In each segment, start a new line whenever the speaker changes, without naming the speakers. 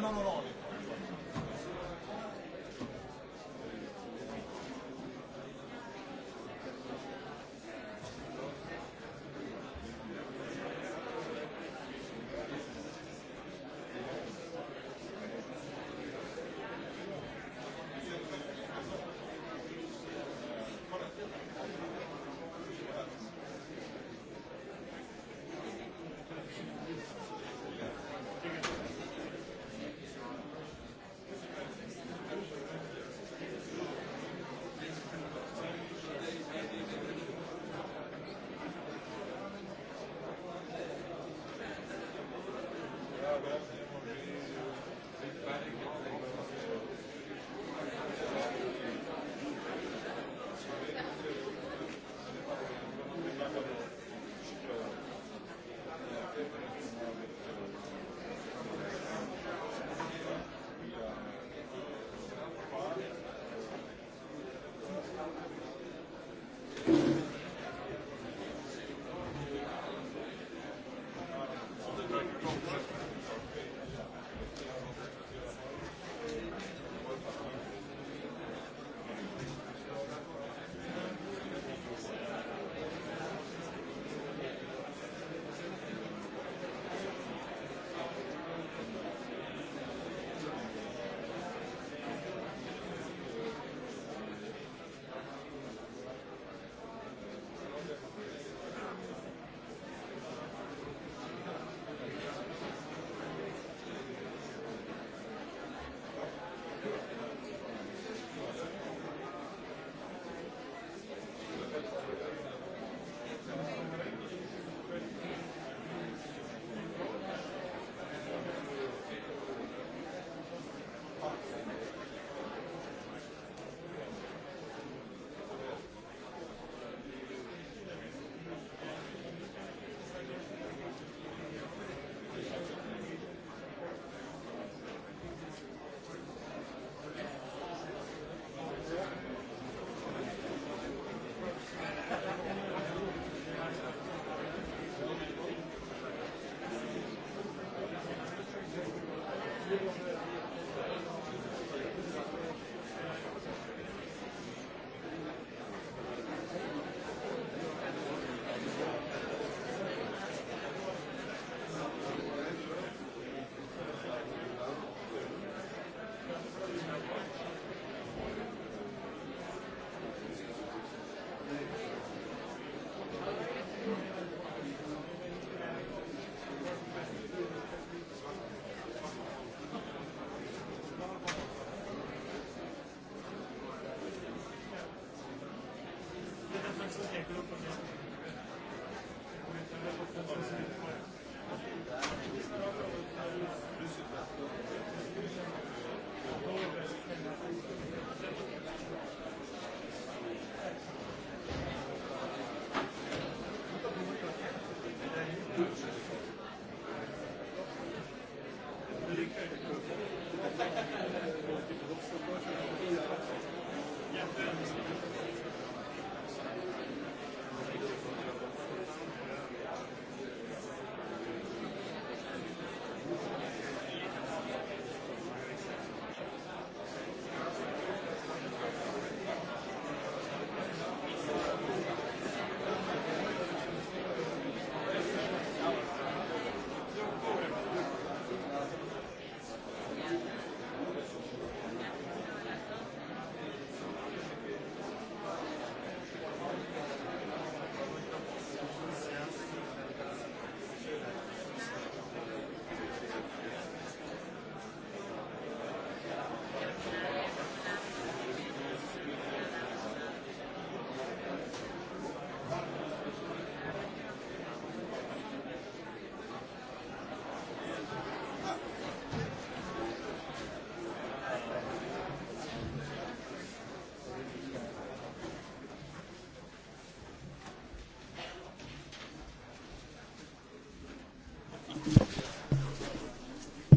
No, no,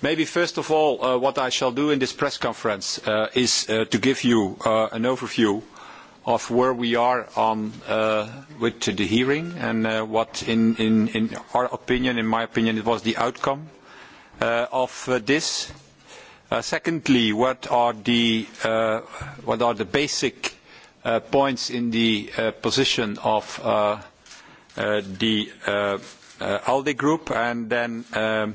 Maybe first of all, uh, what I shall do in this press conference uh, is uh, to give you uh, an overview of where we are on uh, with the hearing and uh, what, in, in, in our opinion, in my opinion, it was the outcome uh, of uh, this. Uh, secondly, what are the, uh, what are the basic uh, points in the uh, position of uh, uh, the uh, uh, ALDE group? And then... Um,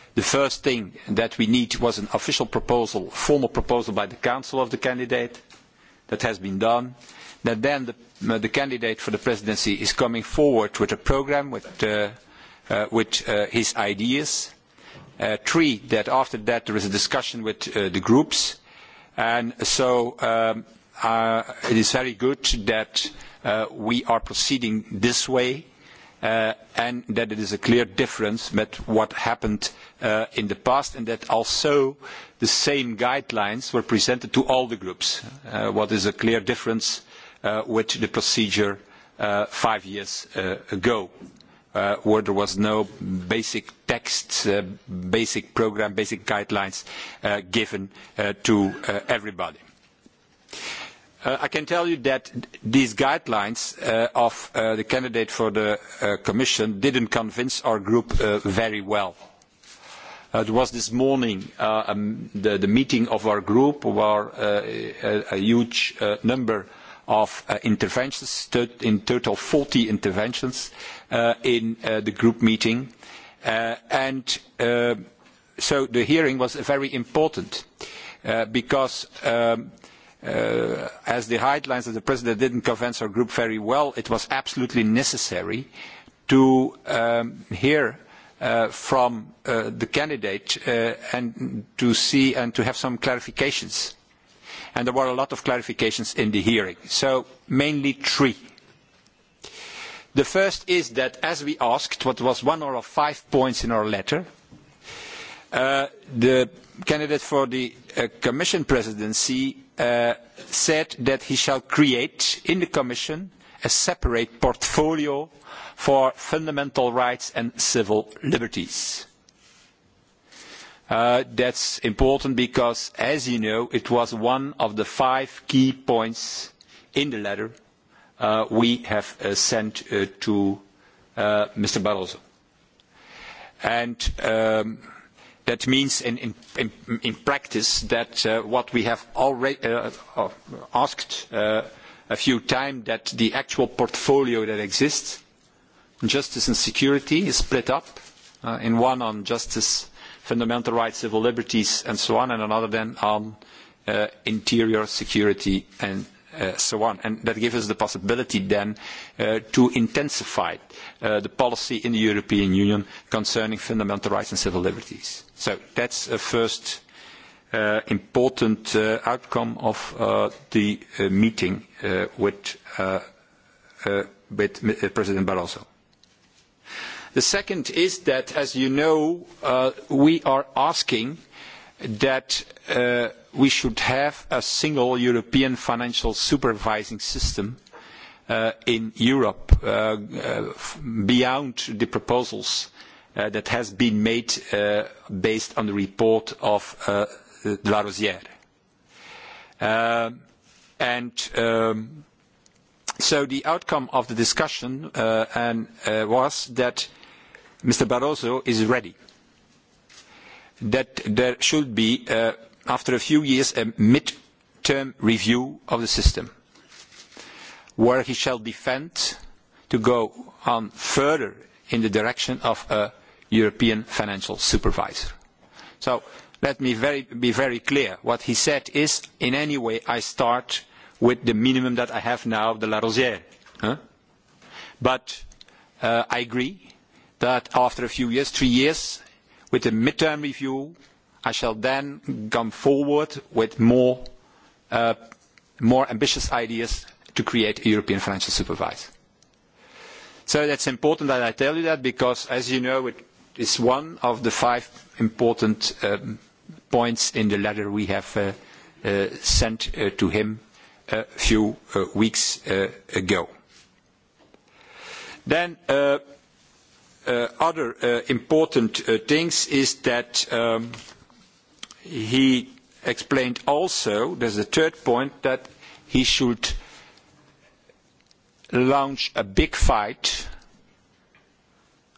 The first thing that we need was an official proposal, formal proposal by the Council of the candidate. That has been done. That then the, uh, the candidate for the presidency is coming forward with a programme, with, uh, uh, with uh, his ideas. Uh, three, that after that there is a discussion with uh, the groups. And so um, it is very good that we are proceeding this way uh, and that it is a clear difference with what happened uh, in the past and that also the same guidelines were presented to all the groups, uh, what is a clear difference uh, with the procedure uh, five years uh, ago. Uh, where there was no basic text, uh, basic program, basic guidelines uh, given uh, to uh, everybody. Uh, Uh, I can tell you that these guidelines uh, of uh, the candidate for the uh, Commission didn't convince our group uh, very well. Uh, it was this morning uh, um, the, the meeting of our group where uh, a, a huge uh, number of uh, interventions, in total 40 interventions uh, in uh, the group meeting. Uh, and uh, so the hearing was very important uh, because um, uh, as the guidelines of the president didn't convince our group very well, it was absolutely necessary to um, hear uh, from uh, the candidate uh, and to see and to have some clarifications. And there were a lot of clarifications in the hearing. So mainly three. The first is that as we asked, what was one or five points in our letter, uh, the candidate for the uh, commission presidency Uh, said that he shall create in the Commission a separate portfolio for fundamental rights and civil liberties. Uh, That is important because, as you know, it was one of the five key points in the letter uh, we have uh, sent uh, to uh, Mr. Barroso. And um, That means in, in, in, in practice that uh, what we have already uh, uh asked uh, a few times that the actual portfolio that exists, justice and security, is split up uh, in one on justice, fundamental rights, civil liberties, and so on, and another then on uh, interior security and Uh, so on. And that gives us the possibility then uh, to intensify uh, the policy in the European Union concerning fundamental rights and civil liberties. So that's a first uh, important uh, outcome of uh, the uh, meeting uh, with, uh, uh, with uh, President Barroso. The second is that, as you know, uh, we are asking that uh, we should have a single European financial supervising system uh, in Europe uh, uh beyond the proposals uh, that have been made uh, based on the report of uh, La Rosière. and um, so the outcome of the discussion and, was that Mr. Barroso is ready that there should be, uh, after a few years, a mid-term review of the system, where he shall defend to go on further in the direction of a European financial supervisor. So let me very, be very clear. What he said is, in any way, I start with the minimum that I have now, the La Rosière. Huh? But uh, I agree that after a few years, three years, with the mid term review, I shall then come forward with more, uh, more ambitious ideas to create a European financial supervisor. So that's important that I tell you that because, as you know, it is one of the five important um, points in the letter we have uh, uh, sent uh, to him a few uh, weeks uh, ago. Then, uh, Uh, other uh, important uh, things is that um, he explained also, there is a third point, that he should launch a big fight.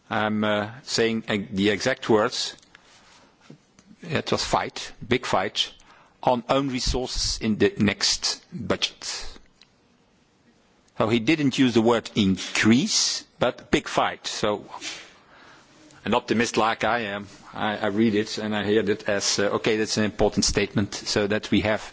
I am uh, saying uh, the exact words. It was fight, big fight, on own resources in the next budget. So he didn't use the word increase, but big fight. So an optimist like I am, I, I read it and I hear it as, uh, okay, that's an important statement so that we have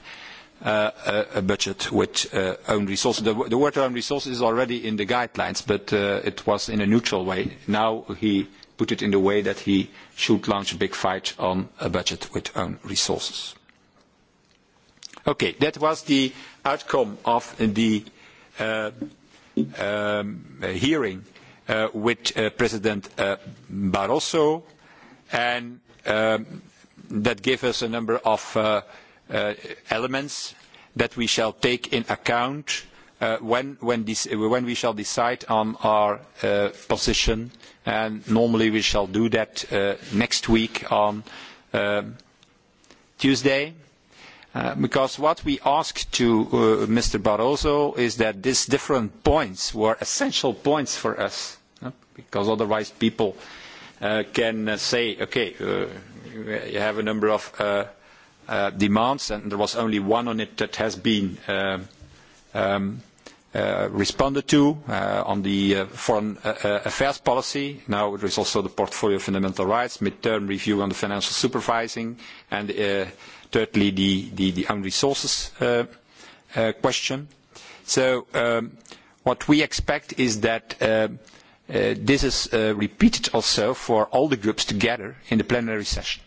uh, a, a budget with uh, own resources. The, the word own resources is already in the guidelines, but uh, it was in a neutral way. Now he put it in the way that he should launch a big fight on a budget with own resources. Okay, that was the outcome of the Uh, um, hearing uh, with uh, President Barroso, and um, that gave us a number of elements that we shall take in account Uh, when, when, this, when we shall decide on our uh, position, and normally we shall do that uh, next week on um, Tuesday, Uh, because what we ask to uh, Mr. Barroso is that these different points were essential points for us, uh, because otherwise people uh, can uh, say, okay, you have a number of demands and there was only one on it that has been um, responded to on the foreign affairs policy. Now there is also the portfolio of fundamental rights, mid term review on the financial supervising and Thirdly, the, the, the own resources uh, uh, question. So um, what we expect is that uh, uh, this is uh, repeated also for all the groups together in the plenary session.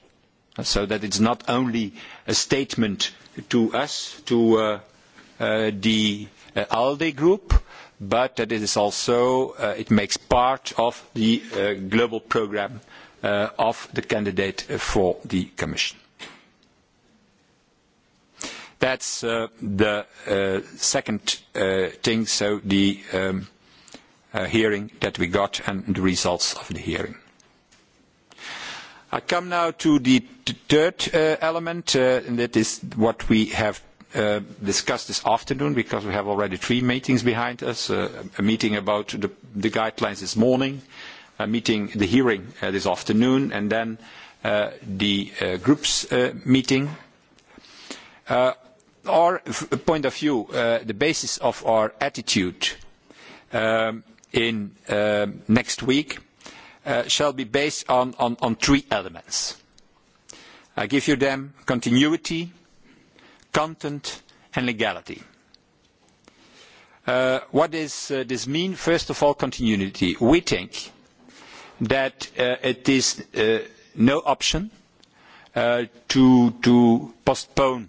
So that it's not only a statement to us, to uh, uh, the uh, ALDE group, but that it is also, uh, it makes part of the uh, global program uh, of the candidate for the Commission. That's uh, the uh, second uh, thing, so the um, uh, hearing that we got and the results of the hearing. I come now to the third uh, element, uh, and that is what we have uh, discussed this afternoon because we have already three meetings behind us, uh, a meeting about the, the guidelines this morning, a meeting, the hearing uh, this afternoon, and then uh, the uh, groups uh, meeting. Uh, our point of view, uh, the basis of our attitude um, in uh, next week uh, shall be based on, on, on three elements. I give you them continuity, content, and legality. Uh, what does uh, this mean? First of all, continuity. We think that uh, it is uh, no option uh, to, to postpone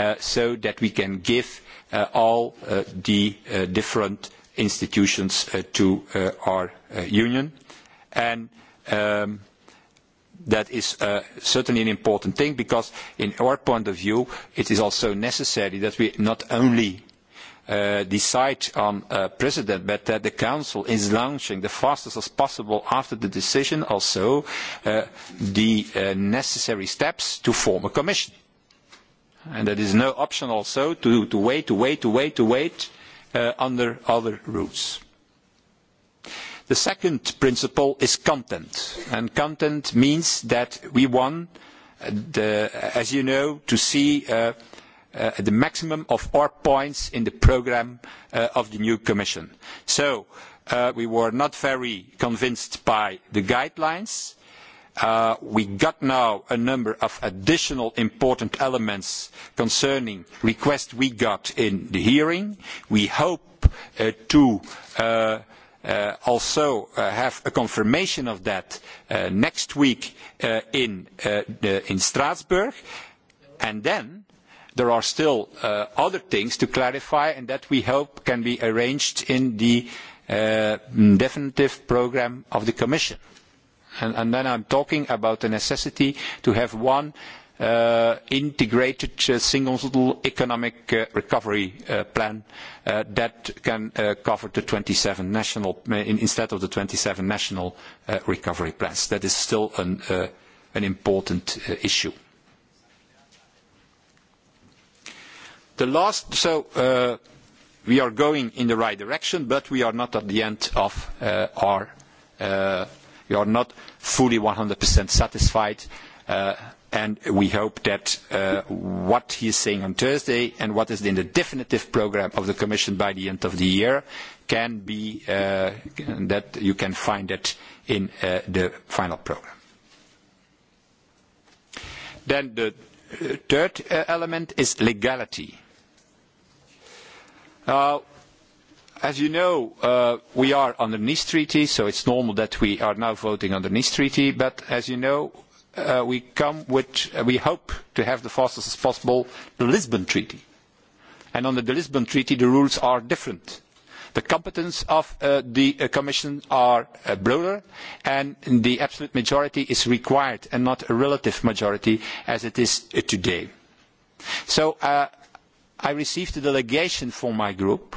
Uh, so that we can give uh, all uh, the uh, different institutions uh, to uh, our uh, union. And um, that is uh, certainly an important thing because in our point of view, it is also necessary that we not only Uh, decide on uh, president, but that the council is launching the fastest as possible after the decision also uh, the uh, necessary steps to form a commission. And that is no option also to, to wait, to wait, to wait, to wait uh, under other routes. The second principle is content. And content means that we want, uh, the, as you know, to see uh, uh, the maximum of our points in the programme uh, of the new Commission. So uh, we were not very convinced by the guidelines Uh, we got now a number of additional important elements concerning requests we got in the hearing. We hope uh, to uh, Uh, also uh, have a confirmation of that uh, next week uh, in, uh, the, in, Strasbourg. And then there are still uh, other things to clarify and that we hope can be arranged in the definitive programme of the Commission. And, and then I'm talking about the necessity to have one uh, integrated uh, single economic uh, recovery uh, plan uh, that can uh, cover the 27 national, uh, in, instead of the 27 national uh, recovery plans. That is still an, uh, an important uh, issue. The last, so uh, we are going in the right direction, but we are not at the end of uh, our uh, We are not fully one 100% satisfied, uh, and we hope that uh, what he is saying on Thursday and what is in the definitive programme of the Commission by the end of the year can be uh, that you can find that in uh, the final programme. Then the uh, third uh, element is legality. As you know, uh, we are under the Nice Treaty, so it's normal that we are now voting under the Nice Treaty. But as you know, uh, we come with, uh, we hope to have the fastest as possible the Lisbon Treaty. And under the Lisbon Treaty, the rules are different. The competence of uh, the uh, Commission are uh, broader, and the absolute majority is required and not a relative majority as it is uh, today. So uh, I received a delegation from my group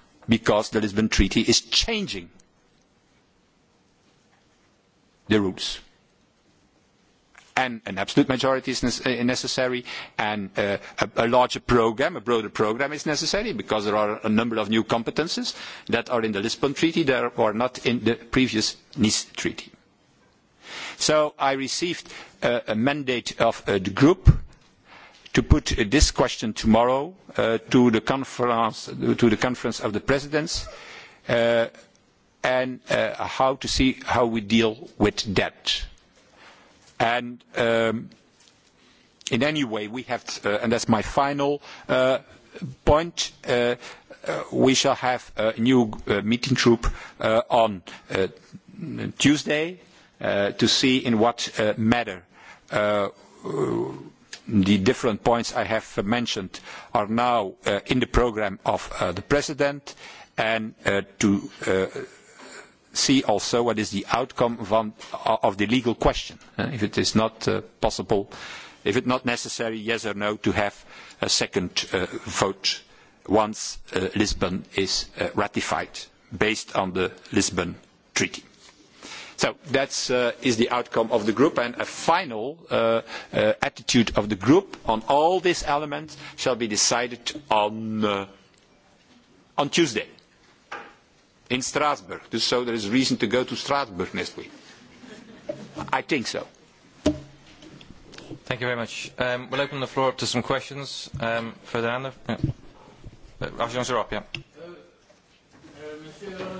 because the Lisbon Treaty is changing the rules. And an absolute majority is uh, necessary, and uh, a, a larger program, a broader program is necessary, because there are a number of new competences that are in the Lisbon Treaty that are not in the previous Nice Treaty. So I received uh, a mandate of uh, the group to put this question tomorrow uh, to the, to, the conference, of the presidents uh, and uh, how to see how we deal with debt. And um, in any way, we have, to, and that's my final point, Uh, we shall have a new uh, meeting group uh, on Tuesday to see in what matter the different points I have mentioned are now uh, in the programme of uh, the President and uh, to uh, see also what is the outcome van, uh, of the legal question. Uh, if it is not possible, if it is not necessary, yes or no, to have a second vote once Lisbon is ratified based on the Lisbon Treaty. So that uh, is the outcome of the group and a final uh, uh, attitude of the group on all these elements shall be decided on, uh, on Tuesday in Strasbourg. so there is reason to go to Strasbourg next week. I think so.
Thank you very much. Um, we'll open the floor up to some questions. Um, further down there. Yeah. Uh, uh, uh Monsieur, uh,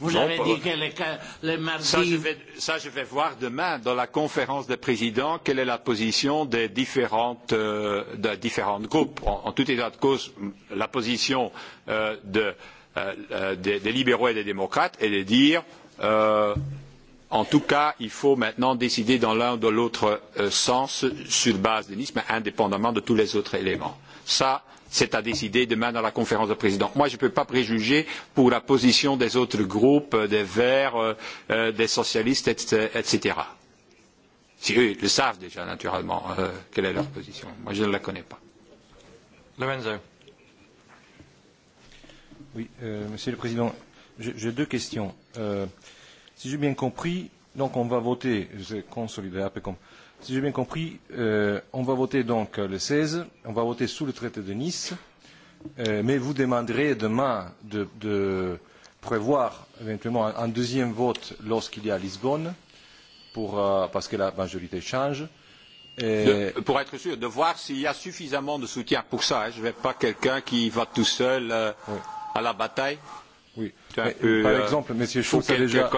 Vous non, avez dit que les, les mardis... Ça je, vais, ça, je vais voir demain dans la conférence des présidents quelle est la position des différentes, euh, de différentes groupes. En, en tout état de cause, la position euh, de, euh, euh, des, des libéraux et des démocrates est de dire... Euh, En tout cas, il faut maintenant décider dans l'un ou dans l'autre euh, sens sur base de Nice, mais indépendamment de tous les autres éléments. Ça, C'est à décider demain dans la conférence de présidents. Moi, je ne peux pas préjuger pour la position des autres groupes, euh, des Verts, euh, euh des socialistes, etc. Si eux le savent déjà, naturellement, euh, quelle est leur position. Moi, je ne la connais pas.
Lorenzo.
Oui, euh, Monsieur le Président, j'ai deux questions. Euh, si j'ai bien compris, donc on va voter, je consolider un peu comme. Euh, Si j'ai bien compris, euh, on va voter donc le 16, on va voter sous le traité de Nice, euh, mais vous demanderez demain de, de prévoir éventuellement un, un deuxième vote lorsqu'il y a Lisbonne, pour, euh, parce que la majorité change. Et...
De, pour être sûr, de voir s'il y a suffisamment de soutien pour ça. Hein. Je ne vais pas quelqu'un qui va tout seul euh, oui. à la bataille. Oui. Mais, peu, par euh, exemple, M. Schulz a déjà,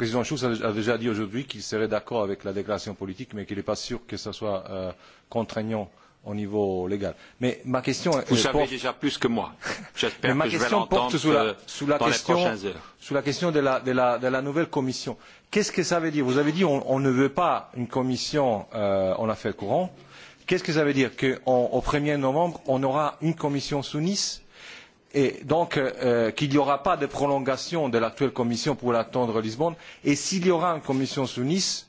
président Schulz a déjà dit aujourd'hui qu'il serait d'accord avec la déclaration politique, mais qu'il n'est pas sûr que ce soit euh, contraignant au niveau légal. Mais ma question Vous savez porte...
déjà plus que moi. J'espère que je vais porte sous la, sous la question,
Sous la question de la, de la, de la nouvelle commission. Qu'est-ce que ça veut dire Vous avez dit on, on ne veut pas une commission euh, en affaires courantes. Qu'est-ce que ça veut dire Qu'au 1er novembre, on aura une commission sous Nice et donc euh, qu'il n'y aura pas de prolongation de l'actuelle commission pour attendre Lisbonne, et s'il y aura une commission sous Nice,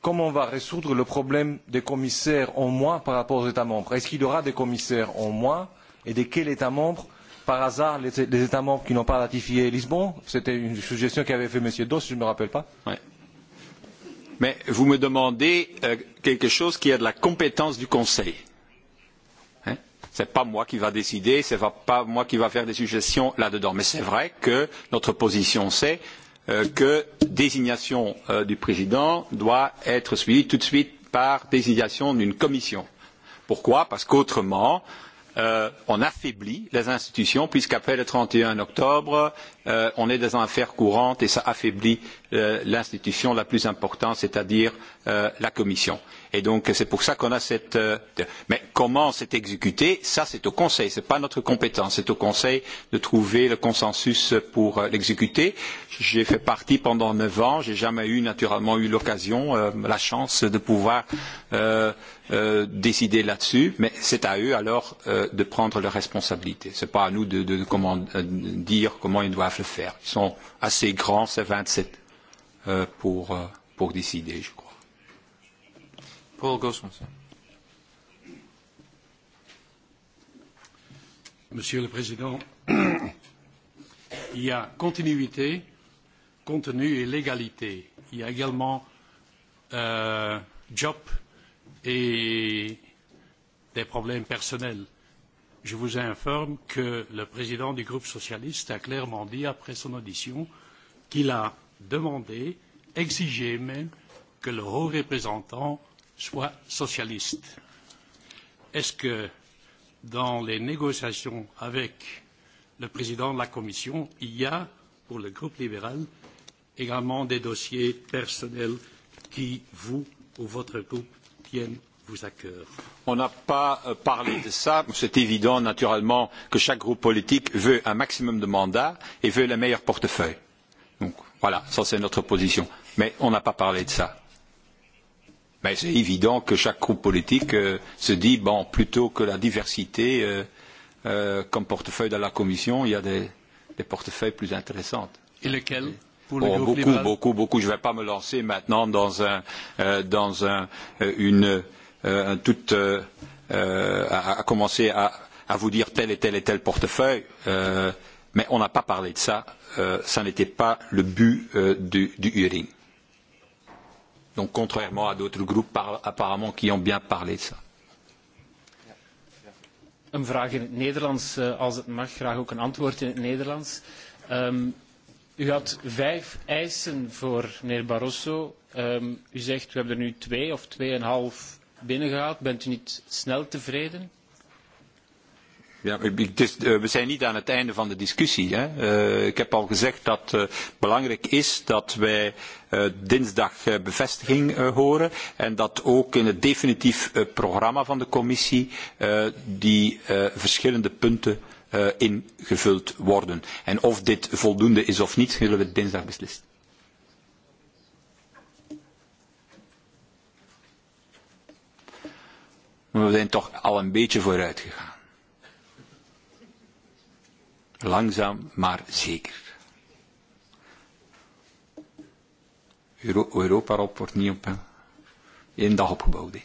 comment on va résoudre le problème des commissaires en moins par rapport aux États membres Est-ce qu'il y aura des commissaires en moins et de quel État membre Par hasard, les, les États membres qui n'ont pas ratifié Lisbonne C'était une suggestion qu'avait fait M. Doss, je ne me rappelle pas.
Ouais. Mais vous me demandez euh, quelque chose qui a de la compétence du Conseil. Ce n'est pas moi qui va décider, ce n'est pas moi qui va faire des suggestions là-dedans. Mais c'est vrai que notre position, c'est euh, que désignation euh, du président doit être suivie tout de suite par désignation d'une commission. Pourquoi Parce qu'autrement, euh, on affaiblit les institutions, puisqu'après le 31 octobre, euh, on est dans une affaire courante et ça affaiblit euh, l'institution la plus importante, c'est-à-dire euh, la Commission. Et donc c'est pour ça qu'on a cette. Euh, mais comment c'est exécuté Ça c'est au Conseil. ce n'est pas notre compétence. C'est au Conseil de trouver le consensus pour euh, l'exécuter. J'ai fait partie pendant neuf ans. J'ai jamais eu naturellement eu l'occasion, euh, la chance de pouvoir euh, euh, décider là-dessus. Mais c'est à eux alors euh, de prendre leurs responsabilités. Ce n'est pas à nous de, de, de comment, euh, dire comment ils doivent le faire. Ils sont assez grands, ces 27 euh, pour, euh, pour décider, je crois.
Paul Gosmanson. Monsieur le Président, il y
a continuité, contenu et légalité. Il y a également euh, job et des problèmes personnels. Je vous informe que le président du groupe socialiste a clairement dit après son audition qu'il a demandé, exigé même, que le haut représentant soit socialiste. Est-ce que dans les négociations avec le président de la Commission, il y a, pour le groupe libéral, également des dossiers personnels qui, vous ou votre groupe, tiennent vous à cœur
On n'a pas euh, parlé de ça. C'est évident, naturellement, que chaque groupe politique veut un maximum de mandats et veut le meilleur portefeuille. Donc, voilà, ça c'est notre position. Mais on n'a pas parlé de ça. Mais c'est évident que chaque groupe politique euh, se dit, bon, plutôt que la diversité euh, euh, comme portefeuille dans la Commission, il y a des, des portefeuilles plus intéressants. Et lesquels pour le oh, beaucoup, libéral? beaucoup, beaucoup. Je ne vais pas me lancer maintenant dans un, euh, dans un, euh, une, euh, un tout, euh, euh, à, à commencer à, à vous dire tel et tel et tel portefeuille, euh, mais on n'a pas parlé de ça. Euh, ça n'était pas le but euh, du, du hearing. Donc contrairement à d'autres groupes apparemment qui ont bien parlé de ça.
Een vraag in het Nederlands, eh, als het mag, graag ook een antwoord in het Nederlands. Um, u had vijf eisen voor meneer Barroso. Um, u zegt, we hebben er nu twee of tweeënhalf binnengehaald. Bent u niet snel tevreden?
Ja, dus, uh, eh, we zijn niet aan het einde van de discussie. Hè. Uh, ik heb al gezegd dat het uh, belangrijk is dat wij uh, dinsdag uh, bevestiging uh, horen en dat ook in het definitief uh, programma van de commissie uh, die uh, verschillende punten uh, ingevuld worden. En of dit voldoende is of niet, zullen we dinsdag beslissen. Maar we zijn toch al een beetje vooruit gegaan langzaam maar zeker. Europa-rop wordt niet op
één dag opgebouwd.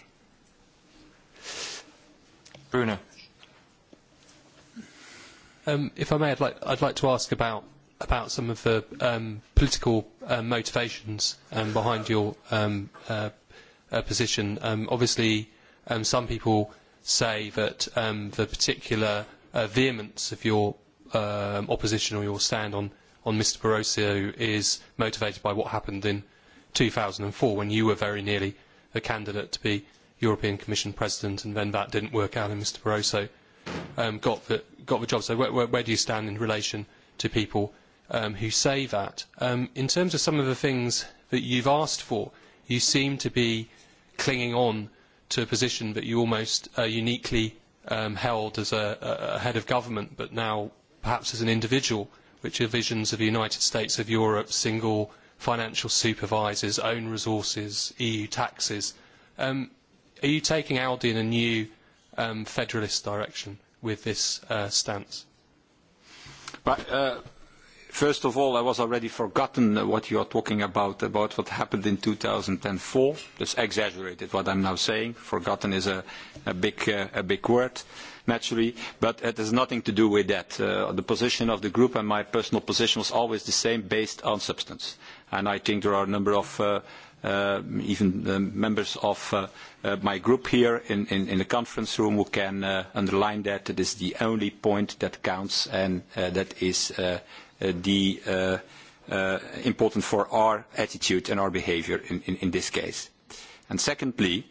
Bruno. Um, if I may, I'd like, I'd like to ask about about some of the um, political um motivations um, behind your um, uh, uh, position. Um, obviously, um, some people say that um, the particular uh, vehemence of your um, opposition or your stand on, on Mr Barroso is motivated by what happened in 2004 when you were very nearly a candidate to be European Commission President and then that didn't work out and Mr Barroso um, got, the, got the job. So where, where, where do you stand in relation to people um, who say that? Um, in terms of some of the things that you've asked for, you seem to be clinging on to a position that you almost uh, uniquely um, held as a, a head of government but now perhaps as an individual, which are visions of the United States of Europe, single financial supervisors, own resources, EU taxes. Um, are you taking Aldi in a new um, federalist direction with this uh, stance? But, uh,
First of all, I was already forgotten what you are talking about, about what happened in 2004. That's exaggerated what I'm now saying. Forgotten is a, a, big, uh, a big word, naturally, but it has nothing to do with that. Uh, the position of the group and my personal position was always the same based on substance. And I think there are a number of uh, uh, even uh, members of uh, uh, my group here in, in, in the conference room who can uh, underline that it is the only point that counts and uh, that is uh, Uh, the uh, uh, important for our attitude and our behavior in, in, in this case. And secondly,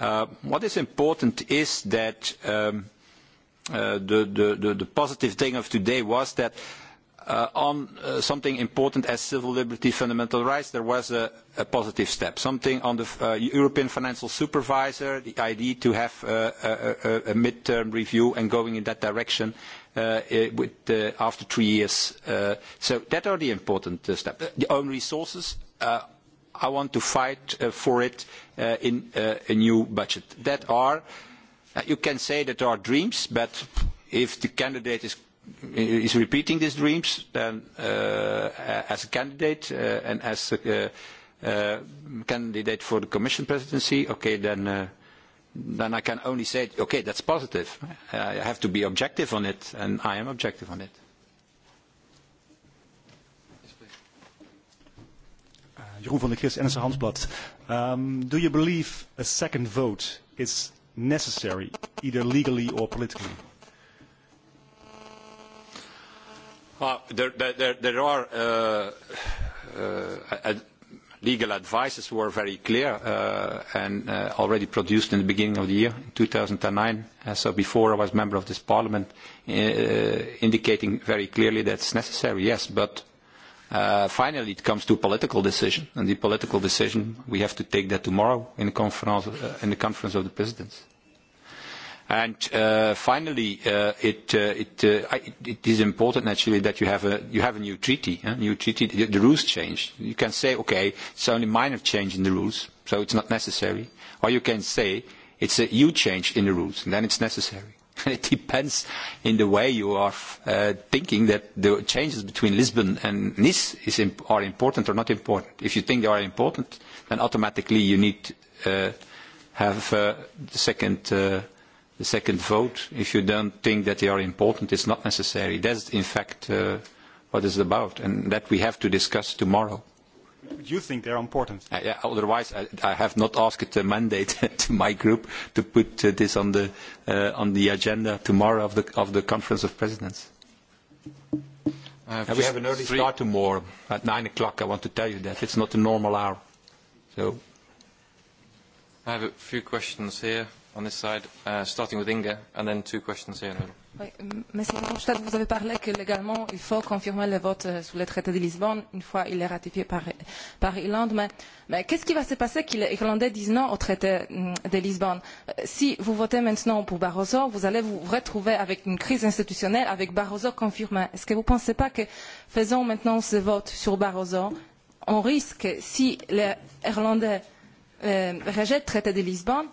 uh, what is important is that um, uh, the, the, the, positive thing of today was that uh, on uh, something important as civil liberty, fundamental rights, there was a, a positive step. Something on the uh, European Financial Supervisor, the idea to have uh, a, a, a midterm review and going in that direction Uh, uh, with, uh, after three years. Uh, so that are the important uh, steps. The own resources, uh, I want to fight uh, for it uh, in uh, a new budget. That are, uh, you can say that are dreams, but if the candidate is is repeating these dreams, then uh, as a candidate uh, and as a uh, candidate for the Commission presidency, okay, then uh, then I can only say, okay, that's positive. I have to be objective on it, and I am objective on it.
Uh, Jeroen van der Kris, NSA Handelsblad. Um, do you believe a second vote is necessary, either legally or politically?
Uh, there, there, there are, uh, uh, I, legal advices were very clear uh, and uh, already produced in the beginning of the year, 2009, uh, so before I was member of this parliament, uh, indicating very clearly that it's necessary, yes, but uh, finally it comes to a political decision, and the political decision, we have to take that tomorrow in the conference, uh, in the conference of the presidents. And uh, finally, uh, it, uh, it, uh, it, it is important actually that you have a, you have a new treaty. Huh? New treaty, the, the rules change. You can say, okay, it's only minor change in the rules, so it's not necessary. Or you can say, it's a huge change in the rules, and then it's necessary. it depends in the way you are uh, thinking that the changes between Lisbon and Nice is imp are important or not important. If you think they are important, then automatically you need uh, have uh, the second uh, the second vote, if you don't think that they are important, it's not necessary. That's in fact uh, what it's about, and that we have to discuss tomorrow. Do you think they're important? Uh, yeah, otherwise, I, I have not asked a mandate to my group to put uh, this on the uh, on the agenda tomorrow of the of the conference of presidents. uh, we have an early three... start tomorrow at nine o'clock. I want to tell you that it's not a normal hour. So.
I have a few questions here on this side, uh, starting with Inga, and then two questions here.
Oui, Monsieur Verhofstadt, vous avez parlé que légalement, il faut confirmer le vote euh, sur le traité de Lisbonne une fois il est ratifié par, par Irlande. Mais, mais qu'est-ce qui va se passer que les Irlandais disent non au traité mm, de Lisbonne euh, Si vous votez maintenant pour Barroso, vous allez vous retrouver avec une crise institutionnelle, avec Barroso confirmé. Est-ce que vous ne pensez pas que faisons maintenant ce vote sur Barroso, on risque, si les Irlandais euh, rejettent le traité de Lisbonne,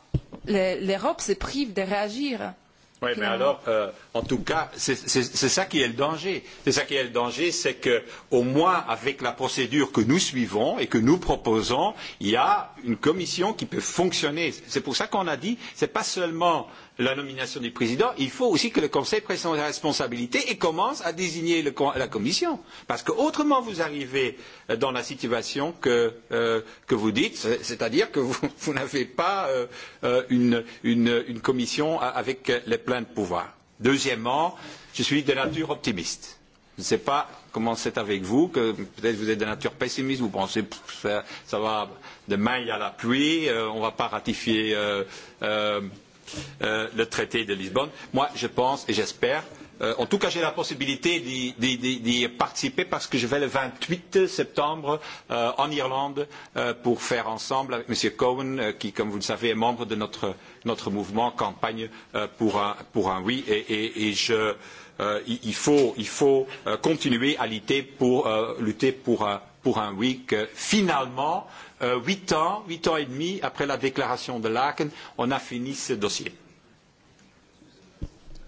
l'Europe se prive de réagir.
Oui, mais alors, euh, en tout cas, c'est ça qui est le danger. C'est ça qui est le danger, c'est que, au moins, avec la procédure que nous suivons et que nous proposons, il y a une commission qui peut fonctionner. C'est pour ça qu'on a dit, c'est pas seulement la nomination du président, il faut aussi que le Conseil prenne ses responsabilités et commence à désigner le, la Commission. Parce que autrement vous arrivez euh, dans la situation que, euh, que vous dites, c'est-à-dire que vous, vous n'avez pas euh, euh, une, une, une Commission avec les pleins de pouvoir. Deuxièmement, je suis de nature optimiste. Je ne sais pas comment c'est avec vous, que peut-être vous êtes de nature pessimiste, vous pensez que ça, ça va, demain il y a la pluie, euh, on ne va pas ratifier euh, euh, euh, le traité de Lisbonne. Moi, je pense et j'espère. Euh, en tout cas, j'ai la possibilité d'y participer parce que je vais le vingt huit septembre euh, en Irlande euh, pour faire ensemble avec M. Cohen, euh, qui, comme vous le savez, est membre de notre, notre mouvement campagne euh, pour un, pour, un, oui. Et, et, et je, il faut, il faut continuer à lutter pour, lutter pour, pour un oui que finalement, euh, Euh, huit euh, ans, huit ans et demi après la déclaration de Laken, on a fini ce dossier.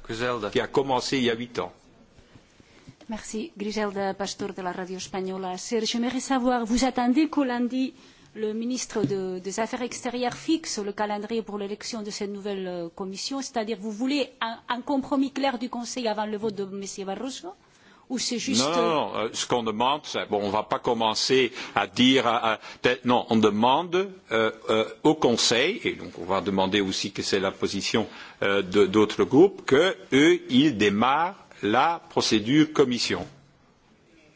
Griselda. Qui a commencé il y a huit ans.
Merci. Griselda Pastor de la Radio Espagnola. Serge, j'aimerais savoir, vous attendez que lundi, le ministre de, des Affaires extérieures fixe le calendrier pour l'élection de cette nouvelle euh, commission, c'est-à-dire vous voulez un, un compromis clair du Conseil avant le vote de M. Barroso ou c'est juste... Non, non,
non. Euh, euh, ce qu'on demande, c'est, bon, on ne va pas commencer à dire... À, à, non, on demande euh, euh, au Conseil, et donc on va demander aussi que c'est la position euh, d'autres groupes, qu'eux, ils démarrent la procédure Commission.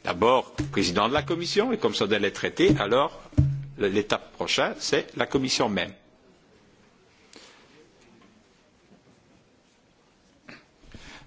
D'abord, président de la Commission, et comme ça, doit être traité alors l'étape prochaine, c'est la Commission même.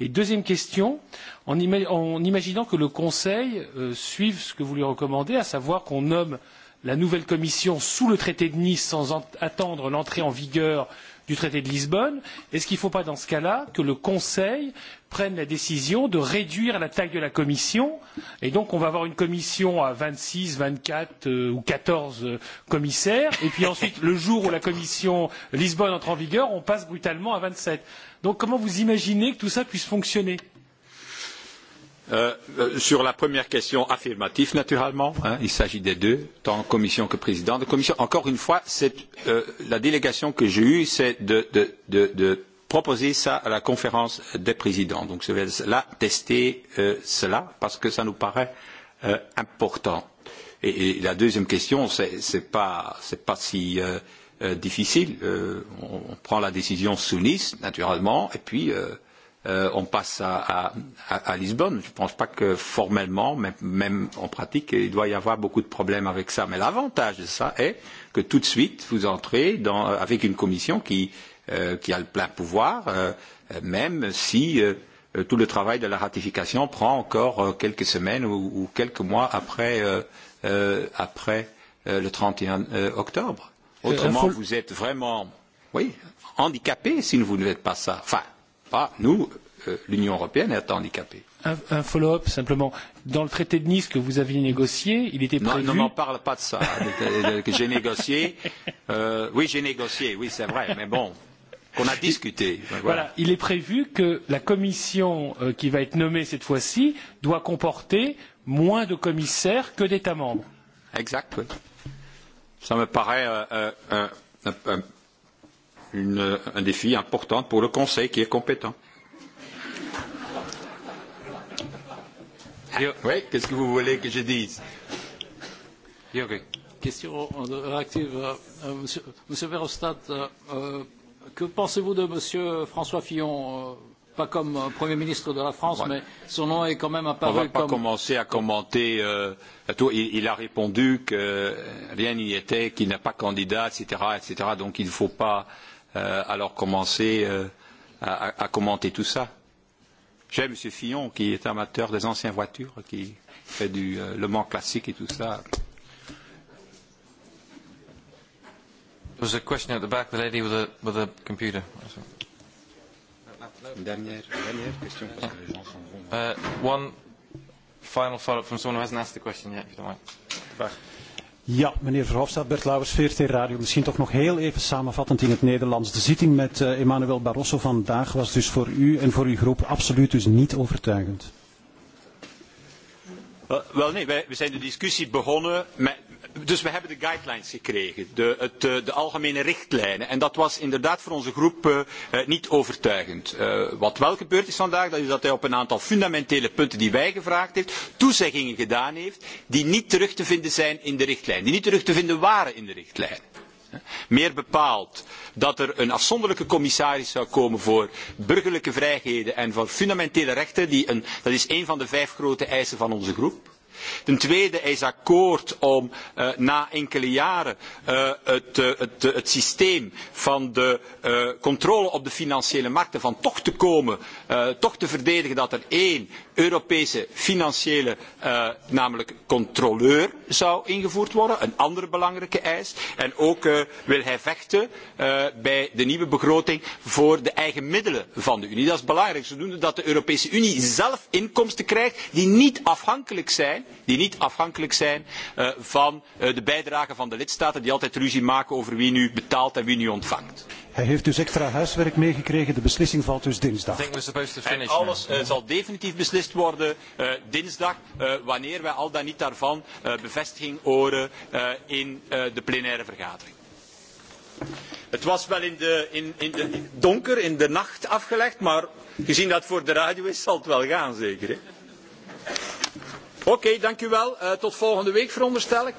Et deuxième question, en, ima en imaginant que le Conseil euh, suive ce que vous lui recommandez, à savoir qu'on nomme la nouvelle Commission sous le traité de Nice sans attendre l'entrée en vigueur euh, du traité de Lisbonne, est-ce qu'il ne faut pas dans ce cas-là que le Conseil prenne la décision de réduire la taille de la commission et donc on va avoir une commission à vingt six, vingt quatre euh, ou quatorze euh, commissaires et puis ensuite le jour où la commission Lisbonne entre en vigueur, on passe brutalement à vingt sept. Donc comment vous imaginez que tout cela puisse fonctionner
Euh, sur la première question, affirmatif naturellement, hein, il s'agit des deux, tant en commission que président de commission. Encore une fois, euh, la délégation que j'ai eue, c'est de, de, de, de proposer ça à la conférence des présidents. Donc je vais là tester euh, cela parce que ça nous paraît euh, important. Et, et la deuxième question, c'est pas, pas si euh, euh, difficile. Euh, on, on prend la décision sous Nice, naturellement, et puis. Euh, euh, on passe à, à, à Lisbonne. Je ne pense pas que formellement, même, même en pratique, il doit y avoir beaucoup de problèmes avec ça. Mais l'avantage de ça est que tout de suite, vous entrez dans, avec une commission qui, euh, qui a le plein pouvoir, euh, même si euh, tout le travail de la ratification prend encore euh, quelques semaines ou, ou quelques mois après, euh, euh, après euh, le 31 euh, octobre. Autrement, vous êtes vraiment oui, handicapé si vous ne faites pas ça. Enfin, pas, nous, euh, l'Union européenne, est handicapée.
Un, un follow-up, simplement. Dans le traité de Nice que vous aviez négocié, il était prévu... Non, non, m'en
parle pas de ça. j'ai négocié. Euh, oui, j'ai négocié, oui, c'est vrai, mais bon qu'on a discuté. Voilà. voilà,
il est prévu que la commission euh, qui va être nommée cette fois-ci doit comporter moins de commissaires que d'États membres.
Exact, oui. Ça me paraît euh, euh, un, un, une, euh, un défi important pour le Conseil qui est compétent. Oui, qu'est-ce que vous voulez que je dise Jürgen.
Question réactive. Euh, euh, monsieur, monsieur Verhofstadt, euh, que pensez-vous de Monsieur François Fillon Pas comme Premier ministre de la France, ouais. mais son nom est quand même apparu comme... On ne va pas comme...
commencer à commenter. Euh, à tout. Il, il a répondu que rien n'y était, qu'il n'a pas candidat, etc., etc. Donc il ne faut pas... Euh, euh, alors commencer euh, à, à commenter tout ça. J'ai M. Fillon qui est amateur des anciennes voitures, qui fait du euh, Le Mans classique et tout ça.
There was a question at the back, the lady with a, with a computer. Uh, one final follow-up from someone who hasn't asked the question yet, if you don't mind. Back.
Ja, meneer Verhofstadt, Bert Lauwers, VRT Radio. Misschien toch nog heel even samenvattend in het Nederlands. De zitting met uh, Emmanuel Barroso vandaag was dus voor u en voor uw groep absoluut dus niet overtuigend.
Eh, wel nee, wij, we zijn de discussie begonnen, met, dus we hebben de guidelines gekregen, de, het, eh, de algemene richtlijnen. En dat was inderdaad voor onze groep uh, niet overtuigend. Uh, wat wel gebeurd is vandaag, dat is dat hij op een aantal fundamentele punten die wij gevraagd heeft, toezeggingen gedaan heeft die niet terug te vinden zijn in de richtlijn, die niet terug te vinden waren in de richtlijn meer bepaald dat er een afzonderlijke commissaris zou komen voor burgerlijke vrijheden en voor fundamentele rechten. Die een, dat is een van de vijf grote eisen van onze groep. Ten tweede is akkoord om uh, na enkele jaren uh, het, eh, het, het systeem van de uh, controle op de financiële markten van toch te komen, uh, toch te verdedigen dat er één Europese financiële, uh, namelijk controleur, zou ingevoerd worden. Een andere belangrijke eis. En ook uh, wil hij vechten uh, bij de nieuwe begroting voor de eigen middelen van de Unie. Dat is belangrijk, zodoende dat de Europese Unie zelf inkomsten krijgt die niet afhankelijk zijn die niet afhankelijk zijn uh, van uh, de bijdrage van de lidstaten die altijd ruzie maken over wie nu betaalt en wie nu ontvangt.
Hij heeft dus extra huiswerk meegekregen. De beslissing valt dus dinsdag.
En alles uh, zal definitief beslist worden uh, dinsdag, uh, wanneer wij al dan niet daarvan uh, bevestiging horen uh, in uh, de plenaire vergadering. Het was wel in de, in, in de donker, in de nacht afgelegd, maar gezien dat het voor de radio is, zal het wel gaan zeker. Hè? Oké, okay, dank u wel. Uh, tot volgende week veronderstel ik.